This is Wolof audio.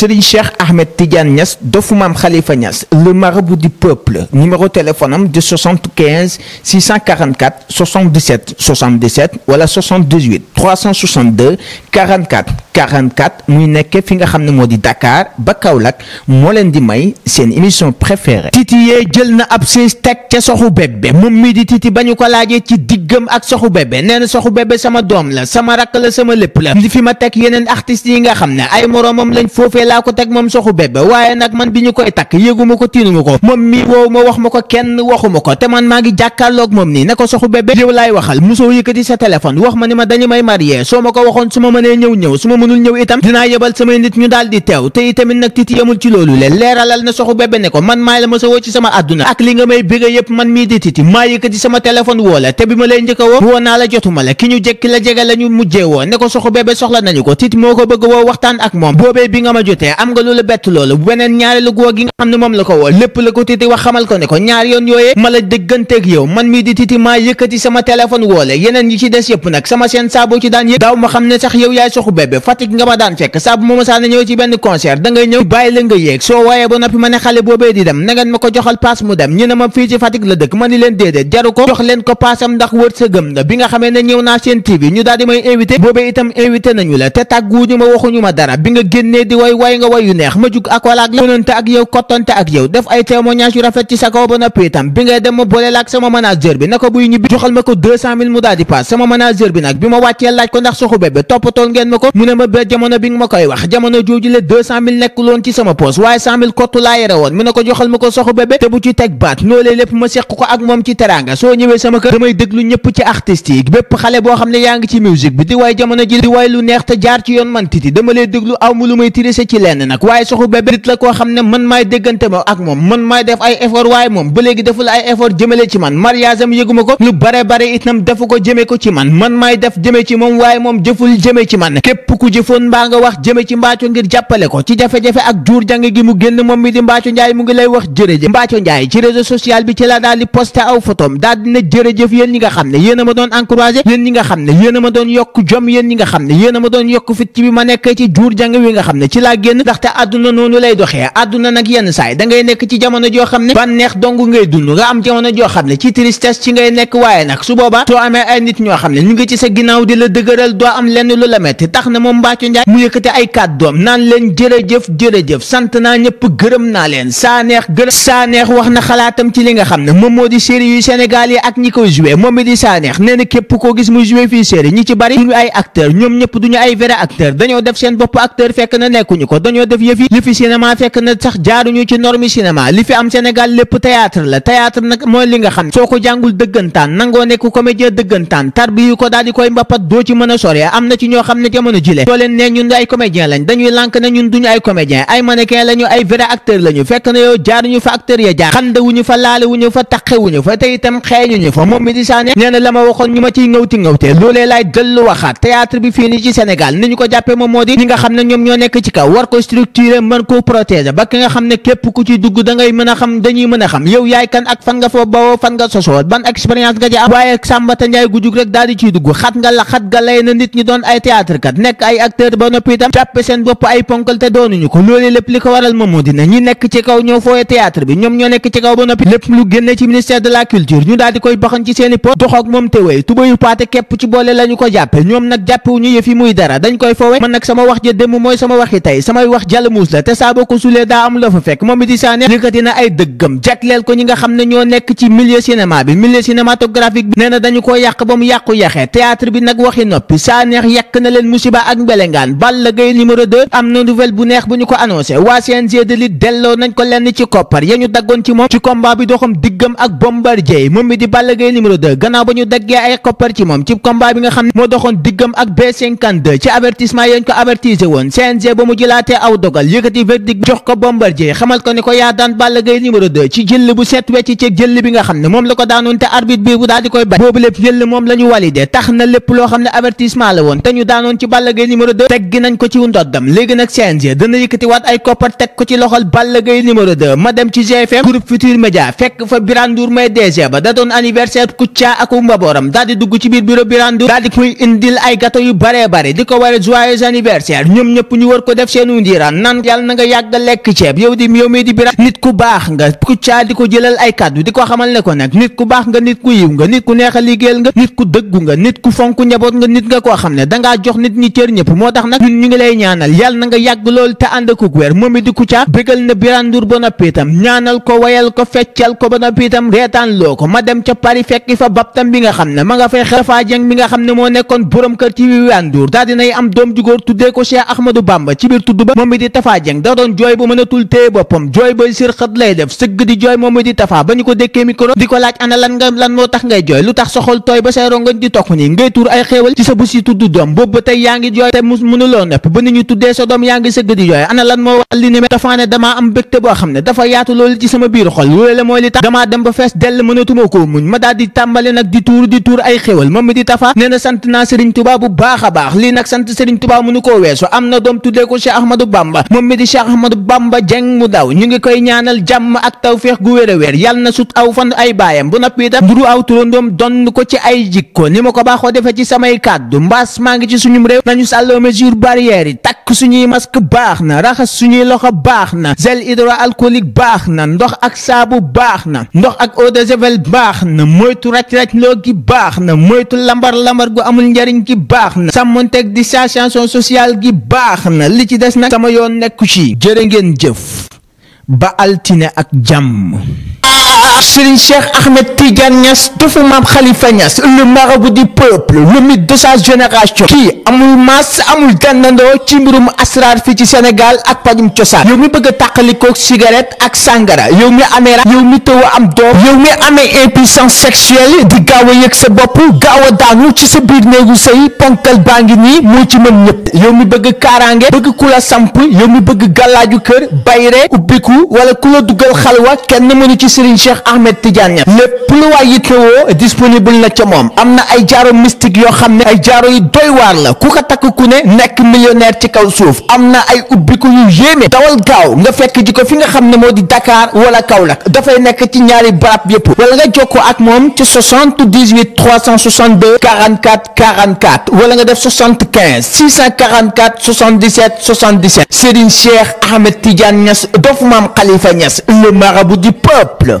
Serigne Cheikh Ahmed Tidiane Niass dofu maam Khalifa Niass le marabout du peuple numéro téléphone am de 75 644 77 77 wala 78 362 44 44 muy nekkee fi nga xam ne moo di Dakar ba Kaolack moo leen di may seen émission préférée. Titi yee jël na ab siis teg ca soxu bébé moom mii di Titi ba ñu ko laajee ci diggam ak soxu bébé nee na soxu bébé sama doom la sama rakk la sama lépp la li fi ma teg yeneen artistes yi nga xam ne ay moroomam lañ foofee laa ko teg moom soxu bébé waaye nag man bi ñu koy takk yëguma ko tiinuma ko moom mi woow ma wax ma ko kenn waxuma ko te man maa ngi jàkkaarloog moom nii ne ko soxu bébé yow laay waxal musoo yëkkati sa wax ma ni ma dañu may marié soo ma ko waxoon su ma mënee ñëw ñëw su ma mënul ñëw itam dinaa yebal samay nit daal di teew te itamit nag titi yamul le na soxu bébé ko man maay la ma sa ak li nga may bëgg yëpp man mii di titi maa yëkkati sama téléphone woo la te a woo woo naa la jotuma la ki ko soxu bébé soxla nañu ko titi moo ko bëgg woo waxtaan ak moom boobee bi nga ma jot matin am nga lu la bett loolu beneen ñaareelu góor gi nga xam ne moom la ko woo lépp la ko titi wax xamal ko ne ko ñaar yoon yooyee ma la dégganteeg yow man mii di titi maa yëkkati sama téléphone woole yeneen yi ci des yëpp nag sama seen saa ci daan yëpp daaw ma xam ne sax yow yaay soxu bébé Fatick nga ma daan fekk saa ma mësaa na ñëw ci benn concert da ñëw bàyyi la nga yéeg soo waaye ba noppi ma ne xale boobee di dem na ma ko joxal way mu ne ma ba bi nga koy wax jamono jooju le ci sama poos waaye kottu laa yere woon mu ne ko joxal ma ko soxu bébé te bu ci teg baat loolee lépp ma seq ko ak moom ci teranga soo ñëwee sama kër damay déglu ñëpp ci artistes yi bépp xale boo xam ne yaa ngi ci musique bi di way jamono ji di way lu neex te jaar ci yoon man titi dama lay déglu aw mu lu may tiré ci lenn nag waaye soxu bébé nit la koo xam ne man maay déggante ma ak moom man def ay effort waaye moom ba léegi deful ay effort jëmale ci man mariage yëguma ko lu bare bare itam defu ko jëme ko ci man man maay def jëme ci moom waaye moom jëful jëme ci man képp ku jëfoon mbaa nga wax jëme ci mbaaco ngir jàppale ko ci jafe-jafe ak jur jàng gi mu génn moom mi di mbaaco njaay mu ngi lay wax jërëjëf mbaaco njaay ci réseau social bi ci la daal di aw photom daal dina jërëjëf yéen ñi nga a ma doon encouragé génn ndaxte àdduna noonu lay doxee àdduna nag yenn saay da ngay nekk ci jamono joo xam ne bànneex dong ngay dund nga am jamono joo xam ne ci tristesse ci ngay nekk waaye nag su boobaa soo amee ay nit ñoo xam ne ñu ngi ci sa ginnaaw di la dëgëral doo am lenn lu la metti tax na moom Mbathio Ndiaye mu yëkkati ay kàddoom naan leen jërëjëf jërëjëf sant naa ñëpp gërëm naa leen Sanex gërëm neex wax na xalaatam ci li nga xam ne moom moo di série yu Sénégal yi a ñi koy joué moom mi di Sanex nee koo gis muy joué fii série ñi ci bari duñu ay acteur ñoom ñëpp ko dañoo def yëfi yëfi cinéma fekk na sax jaaruñu li fi am Sénégal lépp théâtre la théâtre nag mooy li nga xam soo ko jàngul dëggantaan nangoo nekk comédien dëggantaan tarbi ko daal di koy mbappat doo a na ci ñoo xam ne jamono jile soo leen nee ñun ay comédien lañ dañuy lànk na ñun duñu ay comédien ay mannequin lañu ay vrai acteur lañu fekk na yow jaaruñu fa acteur ya jaar xandawuñu fa laalewuñu fa taqewuñu fa te itam xeeñuñu fa moom mi di saane nee la ma waxoon ñu ma ciy ngawti ngawtee loolee laay dellu waxaat théâtre bi fii ni ci Sénégal ni ñu ko jàppe moom moo di ñi nga xam ne ñoom ñoo nekk ci kaw war ko structurer mën koo protéger ba ki nga xam ne képp ku ci dugg da ngay mën a xam dañuy mën a xam yow yaay kan ak fan nga foo bawoo fan nga sosoo ban expérience nga ci am waaye Sàmbata Njaay gu rek daal di ciy dugg xat nga la xat nga lay na nit ñi doon ay théâtre kat nekk ay acteur ba noppi itam jàppe seen bopp ay ponkal te doonuñu ko loolu lépp li ko waral moom moo dina ñi nekk ci kaw ñoo fooye théâtre bi ñoom ñoo nekk ci kaw ba noppi lépp lu génne la culture ñu daal di koy baxan ci seeni po doxoog moom ko jàppe ñoom nag jàppewuñu yëf yi dañ koy foowe man nag sama wax ja démb mooy sama waxi tey samay wax jalamuus la te saa boo ko sulee daa am la fa fekk moom Idy Sané yëkkati na ay dëggam jagleel ko ñi nga xam ne ñoo nekk ci milieu cinéma bi milieu cinématographique bi nee dañu ko yàq ba mu yàqu yaxee théâtre bi nag waxi noppi Sanex yàq na leen musiba ak mbelengaan Balla Gaye numéro 2 am na nouvelle bu neex bu ñu ko annoncé waa CNG de lutte delloo nañ ko lenn ci koppar ya daggoon ci moom ci combat bi doxam diggam ak Bombardier jëlaatee aw dogal yëkkati verdict jox ko Bombardier xamal ko ni ko yaa daan Balla Gaye numéro 2 ci jëll bu set wecc ci jëll bi nga xam ne moom la ko daanoon te arbitre bi bu daal di koy ba da doon anniversaire bare bare di ko waree joyeux anniversaire ñoom ñëpp ñu war ko def seen Sanu Ndiiraan naan yàlla na nga yàgg lekk ceeb yow di yow mii di bira nit ku baax nga ku di ko jëlal ay kàddu di ko xamal ne ko nag nit ku baax nga nit ku yiw nga nit ku neex a liggéeyal nga nit ku dëggu nga nit ku fonk njaboot nga nit nga koo xam ne dangaa jox nit ñi cër ñëpp moo tax nag ñu ngi lay ñaanal yàlla na nga yàgg lool te ànd a wér moom di Kouthia bégal na Birane Ndour ba noppi itam ñaanal ko wayal ko feccal ko ba noppi itam reetaan loo ko ma dem ca Paris fekki fa baptam bi nga xam ne ma nga fay xefa jeng bi nga xam ne moo nekkoon borom kër ci Birane Ndour daal dinay am doom ju góor tuddee ko Cheikh Ahmadou Bamba ci gudd moom it di Tafa Jeng da doon jooy bu mënatul téye boppam jooy bay sir lay def sëgg di jooy moom it di Tafa ba ñu ko dékkee micro di li ne ne damaa am bégte boo xam ne dafa yaatu loolu ci sama biir xol loolu la mooy li tax damaa dem ba fees dell mënatuma koo muñ ma daal di tàmbale nag di tuur di tuur ay xéewal moom it di Tafa nee na sant naa Serigne Touba bu baax a baax lii nag sant Serigne Touba mënu koo weesu am na doom tuddee ko Cheikh Ahmadou Bamba moom mi di Cheikh Ahmadou Bamba Dieng mu daw ñu ngi koy ñaanal jàmm ak tawféex gu wér a wér yàlla na sut aw fan ay baayam bu noppi itam nduru aw turandoom donn ko ci ay jikko ni ma ko baaxoo defee ci samay kàddu mbaas maa ngi ci suñum réew nañu sàlloo mesure barrière yi takk takk suñuy mask baax na raxas suñuy loxo baax na gel hydroalcoolique baax na ndox ak saabu baax na ndox ak eau de baax na moytu raj-raj loo gi baax na moytu lambar-lambar gu amul njariñ gi baax na sàmmonteeg distanciation sociale gi baax na li ci des nag sama yoon nekku ci jërë ngeen jëf ba altine ak jàmm marche Serigne Cheikh Ahmed Tidiane Niass defu maam Khalifa Niass le marabout du peuple le mythe de sa génération kii amul maas amul gànnandoo ci mbirum asrar fii ci Sénégal ak pajum cosaan yow mi bëgg a tàqalikoog cigarette ak sàngara yow mi amee ra yow mi tëw am doom yow mi amee impuissance sexuelle di gaaw a yëg sa bopp gaaw a daanu ci sa biir néegu sëy ponkal baa ngi nii moo ci mën ñëpp yow mi bëgg kaaraange bëgg ku la samp yow mu bëgg gàllaaju kër bayre ubbiku wala ku la dugal xalwa kenn mënu ci Serigne Cheikh Ahmed Tidiane Niass lépp lu waay yittewoo disponible na ca moom am na ay jaaro mystique yoo xam ne ay jaaro yu doy waar la ku ko takk ku ne nekk millionnaire ci kaw suuf am na ay ubbiku yu yéeme dawal gaaw nga fekk ji ko fi nga xam ne moo di dakaar wala kaw Kaolack dafay nekk ci ñaari barab yépp wala nga jokkoo ak moom ci 78 362 44 44 wala nga def 75 644 77 77 Serigne Cheikh Ahmed Tidiane Niass dof maam Khalifa Niass le marabout du peuple.